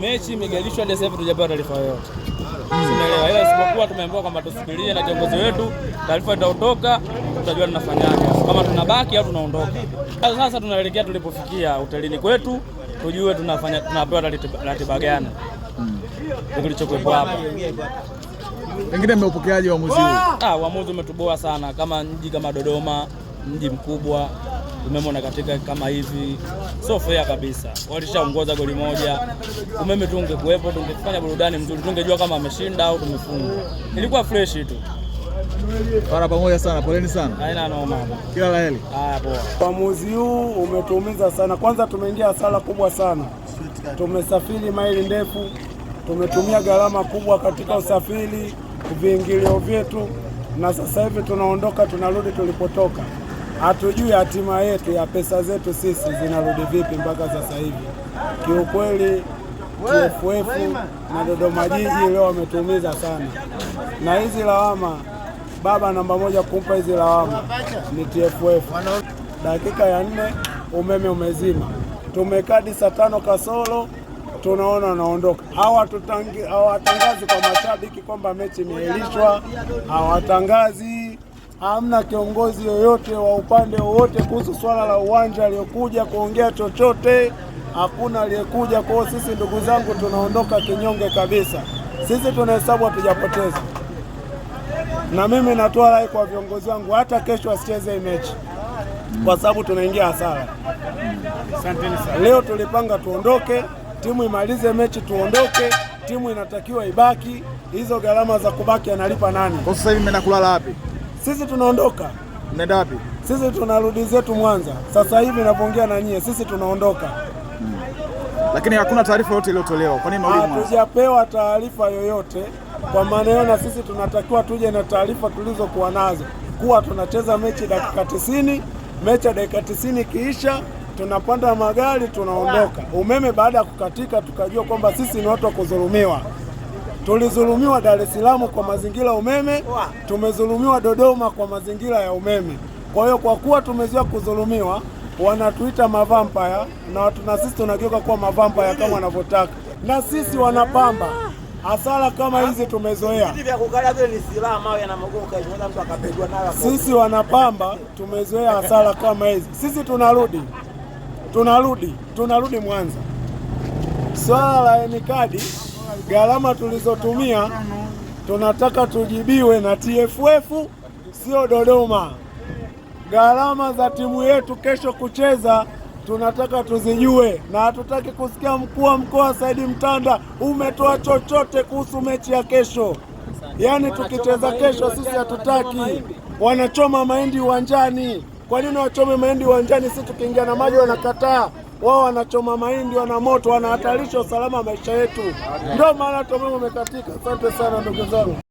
mechi imegalishwa hadi sasa hivi tujapewa taarifa yoyote, sinaelewa, ila isipokuwa tumeambiwa kwamba tusubirie na kiongozi wetu, taarifa itaotoka, tutajua tunafanyaje, kama tunabaki au tunaondoka. Sasa tunaelekea tulipofikia hotelini kwetu, tujue tunafanya tunapewa ratiba gani kilichokuwepo hapa. Pengine mmeupokeaje uamuzi huu? Ah, uamuzi umetuboa sana, kama mji kama Dodoma, mji mkubwa umemona katika kama hivi, so fair kabisa, walishaongoza goli moja. Umeme tu ungekuwepo, tungefanya burudani mzuri, tungejua kama ameshinda au tumefungwa. Ilikuwa fresh tu bara pamoja sana. Poleni sana, haina noma, kila la heri. Haya, poa. Uamuzi huu umetuumiza sana. Kwanza tumeingia hasara kubwa sana, tumesafiri maili ndefu, tumetumia gharama kubwa katika usafiri, viingilio vyetu, na sasa hivi tunaondoka tunarudi tulipotoka hatujui hatima yetu ya pesa zetu sisi zinarudi vipi mpaka sasa hivi. Kiukweli TFF na Dodoma Jiji leo wametuumiza sana, na hizi lawama, baba namba moja kumpa hizi lawama ni TFF. Dakika ya nne umeme umezima, tumekadi saa tano kasoro tunaona wanaondoka. Hawatangazi kwa mashabiki kwamba mechi imeahirishwa, hawatangazi hamna kiongozi yoyote wa upande wowote kuhusu swala la uwanja aliyokuja kuongea chochote, hakuna aliyekuja. Kwa hiyo sisi, ndugu zangu, tunaondoka kinyonge kabisa. Sisi tunahesabu hatujapoteza, na mimi natoa rai kwa viongozi wangu, hata kesho wasicheze mechi kwa sababu tunaingia hasara. Leo tulipanga tuondoke, timu imalize mechi, tuondoke, timu inatakiwa ibaki. Hizo gharama za kubaki analipa nani? Kwa sasa hivi mnakulala wapi? Sisi tunaondoka. Mnaenda wapi? Sisi tunarudi zetu Mwanza. Sasa hivi ninapoongea na nyie, sisi tunaondoka. Hmm. Lakini hakuna taarifa yoyote iliyotolewa. Kwa nini Hatujapewa taarifa yoyote. Kwa maana hiyo, na sisi tunatakiwa tuje na taarifa tulizokuwa nazo kuwa tunacheza mechi dakika tisini. Mechi ya dakika tisini kiisha tunapanda magari tunaondoka. Umeme baada ya kukatika, tukajua kwamba sisi ni watu wa kudhulumiwa tulizulumiwa Dar es Salaam kwa mazingira ya umeme, tumezulumiwa Dodoma kwa mazingira ya umeme. Kwa hiyo kwa kuwa tumezoea kuzulumiwa wanatuita mavampaya na na sisi tunageuka kuwa mavampaya kama wanavyotaka, na sisi wanapamba hasara kama hizi tumezoea. Sisi wanapamba tumezoea hasara kama hizi, sisi tunarudi tunarudi tunarudi Mwanza. Swala la enikadi gharama tulizotumia tunataka tujibiwe na TFF, sio Dodoma. Gharama za timu yetu kesho kucheza tunataka tuzijue, na hatutaki kusikia mkuu wa mkoa Saidi Mtanda umetoa chochote kuhusu mechi ya kesho. Yaani tukicheza kesho sisi hatutaki wanachoma mahindi uwanjani. Kwa nini wachome mahindi uwanjani? Sisi tukiingia na maji wanakataa wao wanachoma mahindi, wana moto, wanahatarisha usalama wa maisha yetu. Ndio maana tomo umekatika. Asante sana ndugu zangu.